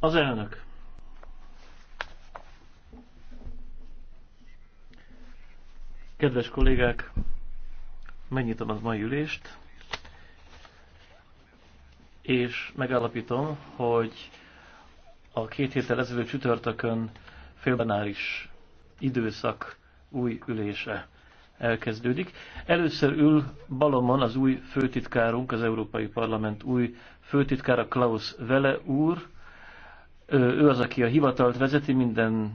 Az elnök. Kedves kollégák, megnyitom az mai ülést, és megállapítom, hogy a két héttel ezelőtt csütörtökön félbenáris időszak új ülése elkezdődik. Először ül balomon az új főtitkárunk, az Európai Parlament új főtitkára Klaus Vele úr. Ő az, aki a hivatalt vezeti minden